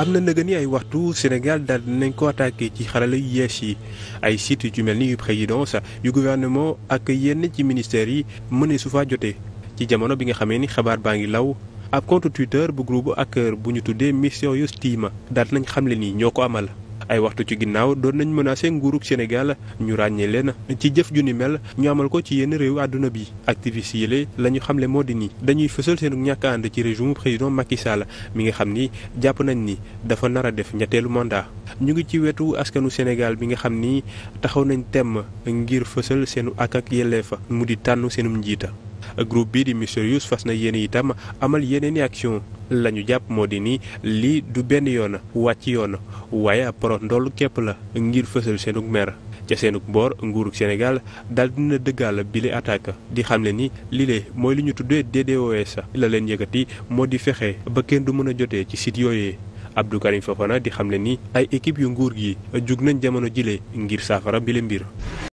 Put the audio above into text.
am na nëgën ay waxtu Sénégal daal dinañ ko attaqué ci xarala yu yees yi ay sites yu mel ni yu présidence yu gouvernement ak yenn ci ministères yi mënee su faa jotee ci jamono bi nga xamee ni xabaar baa ngi law ab compte Twitter bu groupe acteur bu ñu tuddee Mysterious tiima daal dinañ xamle nii ñoo ko amal. ay waxtu ci ginnaaw doon nañ menacé nguurug Sénégal ñu ràññee leen ci jëf ju ni mel ñu amal ko ci yenn réew àdduna bi activiste yi la ñu xamle moo di nii dañuy fësal seenu ñàkk ci régime président Macky Sall mi nga xam ni jàpp nañ ni dafa nar a def ñetteelu mandat ñu ngi ci wetu askanu Sénégal bi nga xam ni taxaw nañ temm ngir fësal seenu ak ak yelleef mu di tànn seenum njiita groupe bii di Mister Youss fas na yéen itam amal yeneen i action la ñu jàpp moo di ni lii du benn yoon wàcc yoon waaye ab porox ndollu képp la ngir fësal seenug mer ca seenug boor nguurug Sénégal daal dina dëggaal bile attaque di xam le ni lile mooy li ñu tuddee DDoS la leen yëkkati moo di fexe ba kenn du mën a jotee ci site yooyee. Abdou Karim Fofana di xam le ni ay équipe yu nguur gi jug nañu jamono jile ngir saafara bile mbir.